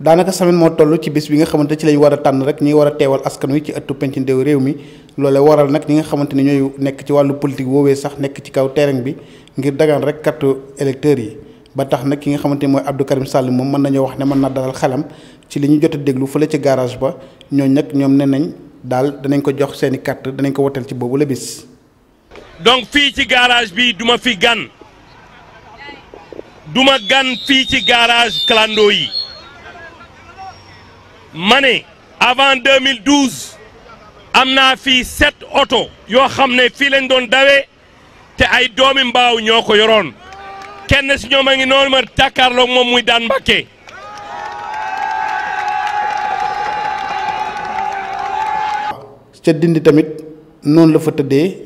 daanaka semaine moo toll ci bis bi nga xamante ci lañ war a tànn rek ñi war a teewal askan wi ci ëttu penc ndew réew mi loole waral nag ñi nga xamante ni ñooy nekk ci wàllu politique woowee sax nekk ci kaw terrain bi ngir dagaan rek kartu électeurs yi ba tax nag ki nga xamante ni mooy Abdou Karim Sall moom mën nañoo wax ne mën na dalal xelam ci li ñu jot a déglu fële ci garage ba ñooñ nag ñoom ne nañ daal danañ ko jox seen i carte danañ ko woteel ci boobu la bis fii ci garage bi duma fi gan duma gan fii ci garage clando yi mane ne avant 2012 am naa fi set oto yoo xam ne fii lañ doon dawee te ay doomi mbaaw ñoo ko yoroon kenn si ñoom a ngi noonu ma tàkkaarloog moom muy daan Mbàkke ca tamit noonu la fa tëddee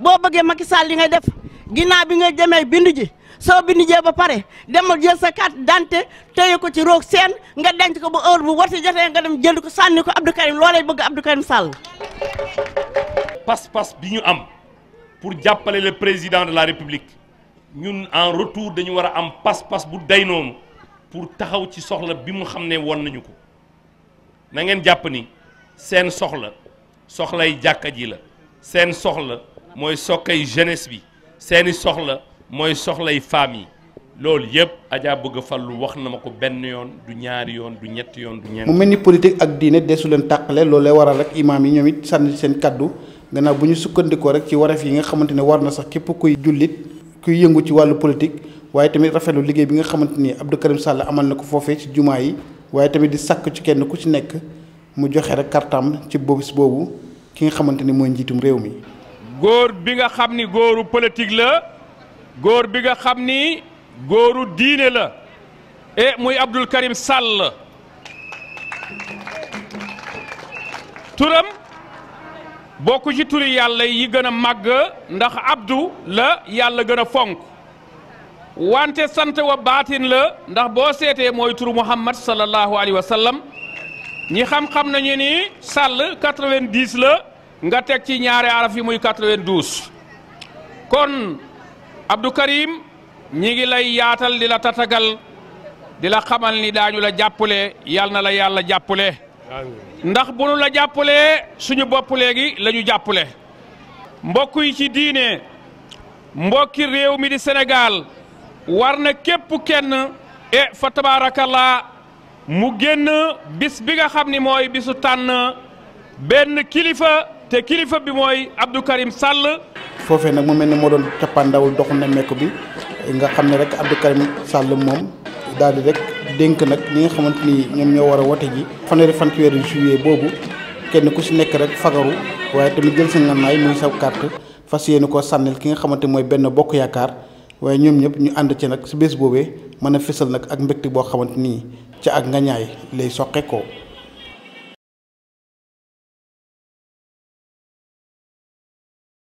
boo bëggee Macky Sall li ngay def ginnaaw bi nga demee bindu ji soo bindujee ba pare demal jël sa carte d'identité téye ko ci roog seen nga denc ko ba heure bu wati jotee nga dem jënd ko sànni ko Abdou Karim loolee bëgg Abdou Karim Sall. pas-pas bi ñu am pour jàppale le président de la République ñun en retour dañu war a am pas-pas bu day noonu pour taxaw ci soxla bi mu xam ne won nañu ko na ngeen jàpp ni seen soxla soxlay jàkka ji la seen soxla. mooy sokkay jeunesse bi seeni soxla mooy soxlay femmes yi loolu yëpp ajaa bëgg fallu wax na ma ko benn yoon du ñaari yoon du ñetti yoon du ñeent. mu mel ni politique ak diine desu leen tàqale loolu lay waral rek imaam yi ñoom it sànni seen kàddu gannaaw bu ñu sukkandikoo rek ci wareef yi nga xamante ne war na sax képp kuy jullit kuy yëngu ci wàllu politique waaye tamit rafetlu liggéey bi nga xamante ni Abdou Karim Sall amal na ko foofe ci jumaa yi waaye tamit di sàkk ci kenn ku ci nekk mu joxe rek kartam ci boobu si boobu ki nga xamante ni mooy njiitum réew mi. góor bi nga xam ni góoru politique la góor bi nga xam ni góoru diine la e muy Abdoul Karim Sall turam bokku ci turi yàlla yi gën a màgg ndax Abdou la yàlla gën a fonk wante sant wa baatin la ndax boo seetee mooy tur Muhammad sallallahu alayhi wa ñi xam-xam nañu ni sàll 90 la. nga teg ci ñaari araf yi muy 92 kon Abdou Karim ñi ngi lay yaatal di la tatagal di la xamal ni daañu la jàppale yal na la yàlla jàppale ndax bu nu la jàppalee suñu bopp léegi la ñu mbokk yi ci diine mbokki réew mi di Sénégal war na képp kenn e fa tabaarakallaa mu génn bis bi nga xam ni mooy bisu tànn benn kilifa te kilifa bi mooy Abdou Karim Sall. foofee nag mu mel ne moo doon cappaandawul doxu nemmeeku bi nga xam ne rek Abdou Karim Sall moom daal di rek dénk nag ñi nga xamante ni ñoom ñoo war a wote ji. fanweeri fan ci weeru juillet boobu kenn ku si nekk rek fagaru waaye tamit jël sa ngànnaay muy sa carte fas yéene ko sànnil ki nga xamante mooy benn bokk yaakaar waaye ñoom ñëpp ñu ànd ci nag si bés boobee mën a fésal nag ak mbégte boo xamante nii ca ak ngañaay lay soqe ko